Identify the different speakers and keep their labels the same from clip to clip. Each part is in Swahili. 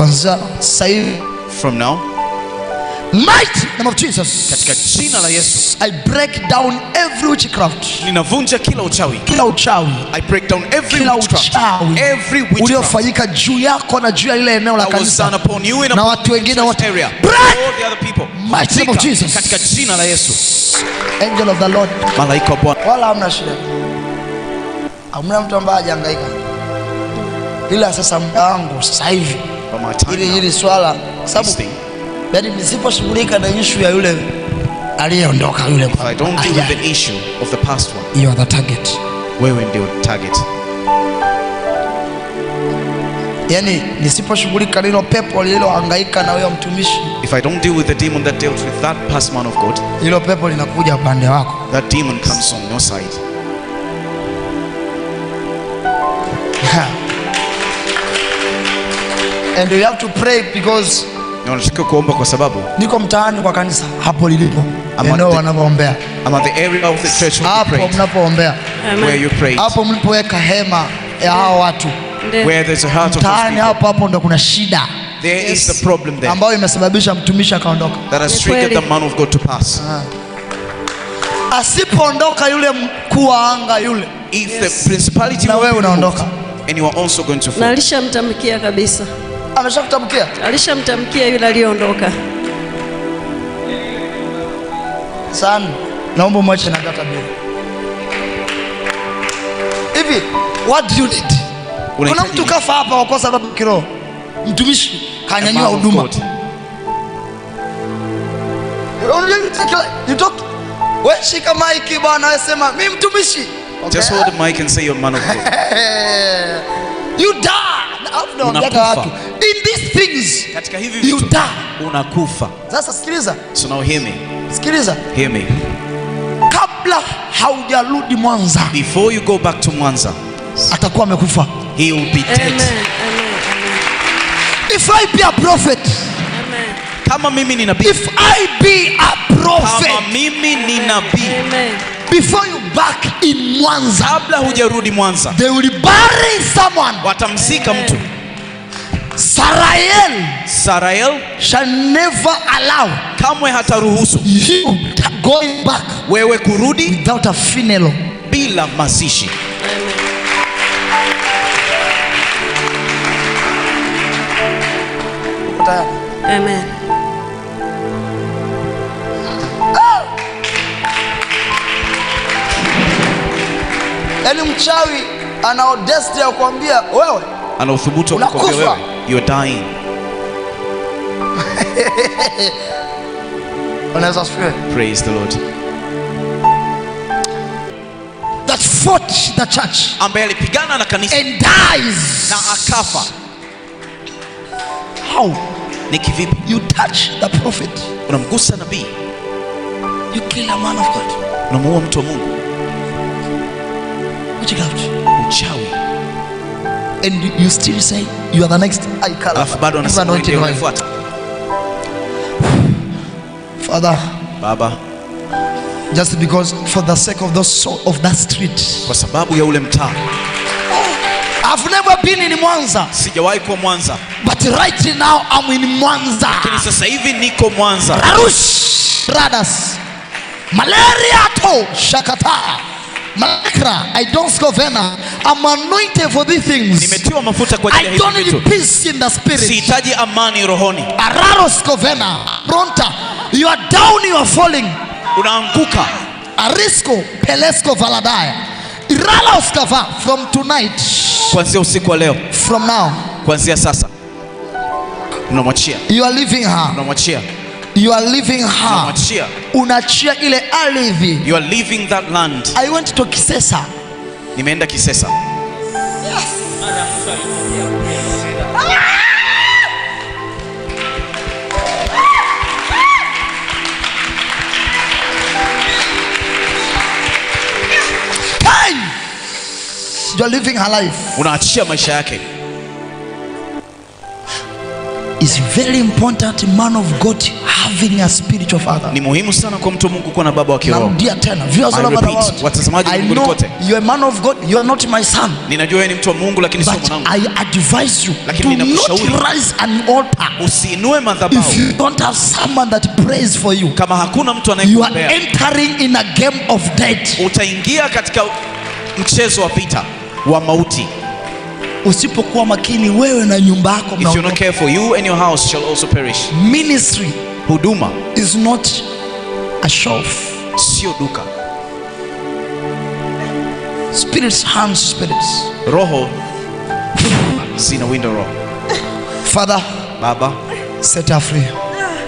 Speaker 1: Kwanza sasa hivi, from now, might name of Jesus,
Speaker 2: katika jina la Yesu,
Speaker 1: I break down every witchcraft,
Speaker 2: ninavunja kila uchawi,
Speaker 1: kila uchawi,
Speaker 2: I break down every witchcraft,
Speaker 1: every witchcraft uliofanyika juu yako na juu ya ile eneo la kanisa na watu wengine wote, might name of Jesus,
Speaker 2: katika jina la Yesu,
Speaker 1: angel of the Lord,
Speaker 2: malaika wa Bwana,
Speaker 1: wala hamna shida, hamna mtu ambaye hajahangaika, ila sasa muda wangu sasa hivi hili hili swala, sababu yani nisiposhughulika na issue ya yule aliyeondoka yule,
Speaker 2: kwa I don't the the issue of past one
Speaker 1: you are the target,
Speaker 2: wewe ndio target.
Speaker 1: yani nisiposhughulika nilo pepo lililohangaika na huyo mtumishi,
Speaker 2: if I don't deal with the demon that dealt with that past man of God,
Speaker 1: hilo pepo linakuja upande wako,
Speaker 2: that demon comes on your side.
Speaker 1: And you have to pray because
Speaker 2: kuomba kwa sababu
Speaker 1: niko mtaani kwa kanisa hapo lilipo eneo mnapoombea hapo mlipoweka hema ya hao watu mtaani hapo hapo ndo kuna shida ambayo imesababisha mtumishi akaondoka.
Speaker 2: Ah.
Speaker 1: Asipoondoka yule mkuu wa anga yule,
Speaker 2: na wewe unaondoka,
Speaker 3: nalishamtamkia kabisa
Speaker 1: ameshakutamkia?
Speaker 3: Alishamtamkia yule aliyeondoka.
Speaker 1: Sana, naomba mwache na kata bia hivi. What do you need? Kuna mtu kafa hapa kwa sababu kiroho, mtumishi kanyanyua huduma We shika maiki bwana, we sema mi mtumishi.
Speaker 2: Just hold the mic and say you're man of God.
Speaker 1: You die. Unakufa these things katika hivi vitu unakufa. Sasa sikiliza, so now hear me, sikiliza, hear me, kabla haujarudi Mwanza,
Speaker 2: before you go back to Mwanza,
Speaker 1: atakuwa amekufa.
Speaker 2: He will be dead. Amen.
Speaker 1: Amen. If I be a prophet, Amen.
Speaker 2: Kama mimi ni nabii,
Speaker 1: if I be a prophet, kama
Speaker 2: mimi ni nabii, Amen.
Speaker 1: Before you back in Mwanza,
Speaker 2: kabla hujarudi Mwanza,
Speaker 1: they will bury someone,
Speaker 2: watamzika mtu
Speaker 1: Sarael,
Speaker 2: Sarael
Speaker 1: shall never allow,
Speaker 2: kamwe hataruhusu you going back, wewe kurudi
Speaker 1: without a funeral,
Speaker 2: bila mazishi.
Speaker 3: Amen.
Speaker 1: Yaani mchawi ana odesti ya kuambia wewe,
Speaker 2: ana uthubutu wa
Speaker 1: kuambia wewe
Speaker 2: You're dying. Praise the Lord.
Speaker 1: That fought the church.
Speaker 2: Ambaye alipigana
Speaker 1: And dies. How? You touch the prophet. You kill a man of God.
Speaker 2: Unamuua mtu wa Uchawi
Speaker 1: and you still say you are the next bado
Speaker 2: anafuata. Father, Baba,
Speaker 1: just because for the sake of the soul of that street,
Speaker 2: kwa sababu ya ule mtaa.
Speaker 1: I've never been in Mwanza.
Speaker 2: Sijawahi kuwa Mwanza.
Speaker 1: But right now I'm in Mwanza.
Speaker 2: Lakini sasa hivi niko Mwanza.
Speaker 1: Arush, brothers. Malaria to shakata Nakra, I don't score vena. I'm anointed for these things.
Speaker 2: Nimetiwa mafuta kwa ajili
Speaker 1: ya hizo vitu. I don't need peace in the spirit.
Speaker 2: Sihitaji amani rohoni.
Speaker 1: Araros governor, Pronta. you are down, you are falling.
Speaker 2: Unaanguka.
Speaker 1: Arisco, Pelesco Valadaya. Irala ah, kava from tonight.
Speaker 2: Kuanzia usiku wa leo. From now. Kuanzia sasa. Unamwachia.
Speaker 1: You are leaving her. Unamwachia. You are leaving her. Unachia ile ardhi.
Speaker 2: You are leaving that land.
Speaker 1: I went to Kisesa.
Speaker 2: Nimeenda Kisesa.
Speaker 1: You are living her life.
Speaker 2: Unaachia maisha yake.
Speaker 1: Is very important man of God having a spiritual father.
Speaker 2: Ni muhimu sana kwa mtu Mungu kuwa na baba wa kiroho.
Speaker 1: Narudia tena, viewers all over the world,
Speaker 2: watazamaji wangu kote,
Speaker 1: you are a man of God, you are not my son.
Speaker 2: Ninajua wewe ni mtu wa Mungu lakini sio mwanangu.
Speaker 1: I advise you, lakini ninakushauri, do not rise an altar,
Speaker 2: usiinue madhabahu
Speaker 1: if you don't have someone that prays for you.
Speaker 2: Kama hakuna mtu anayekupea.
Speaker 1: you are entering in a game of death.
Speaker 2: Utaingia katika mchezo wa vita wa mauti.
Speaker 1: Usipokuwa makini wewe na nyumba yako, if
Speaker 2: you're not careful, you and your house shall also perish.
Speaker 1: Ministry huduma is not a shelf,
Speaker 2: sio duka.
Speaker 1: Spirits harm spirits.
Speaker 2: Roho zinawinda roho. Father, Baba,
Speaker 1: set her free.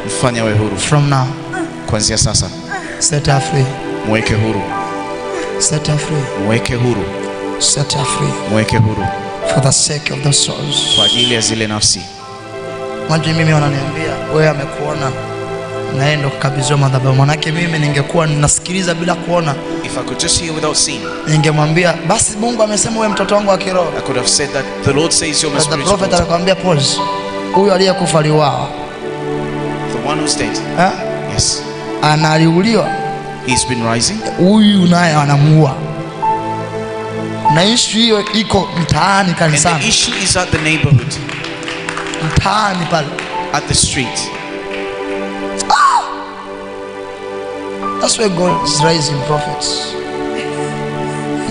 Speaker 2: Mfanya we huru from now, kuanzia sasa.
Speaker 1: Set her free. Mweke huru. Set her free. Mweke huru. Set her free. Mweke huru. For the sake of the souls.
Speaker 2: Kwa ajili ya zile nafsi.
Speaker 1: Mimi wananiambia wewe amekuona naenda kukabidhiwa madhabahu. Manake mimi ningekuwa ninasikiliza bila kuona, ningemwambia basi Mungu amesema uwe mtoto wangu wa kiroho. Prophet anakuambia pause, huyo aliyekufa aliuawa, eh? analiuliwa, huyu naye anamuua na ishu hiyo iko mtaani, kanisani, mtaani pale,
Speaker 2: at the street
Speaker 1: That's why God is raising prophets.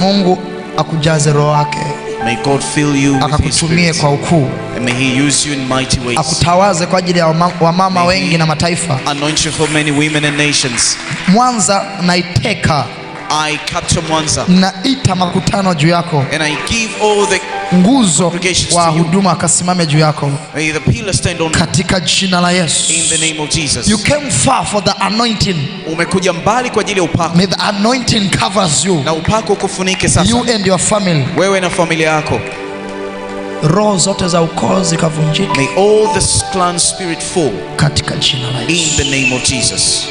Speaker 1: Mungu akujaze roho yake.
Speaker 2: May God fill you with akakutumie kwa ukuu. And may he use you in mighty ways.
Speaker 1: Akutawaze kwa ajili ya wamama wengi na mataifa.
Speaker 2: Anoint you for many women and nations.
Speaker 1: Mwanza naiteka.
Speaker 2: I capture Mwanza.
Speaker 1: Naita makutano juu yako.
Speaker 2: And I give all the
Speaker 1: nguzo wa huduma akasimame juu yako katika jina la Yesu. You came far for the anointing.
Speaker 2: Umekuja mbali kwa ajili ya upako.
Speaker 1: May the anointing covers you.
Speaker 2: Na upako ukufunike sasa.
Speaker 1: You and your family.
Speaker 2: Wewe na familia yako.
Speaker 1: Roho zote za ukoo zikavunjike.
Speaker 2: May all the clan spirit fall.
Speaker 1: Katika jina la Yesu.
Speaker 2: In the name of Jesus.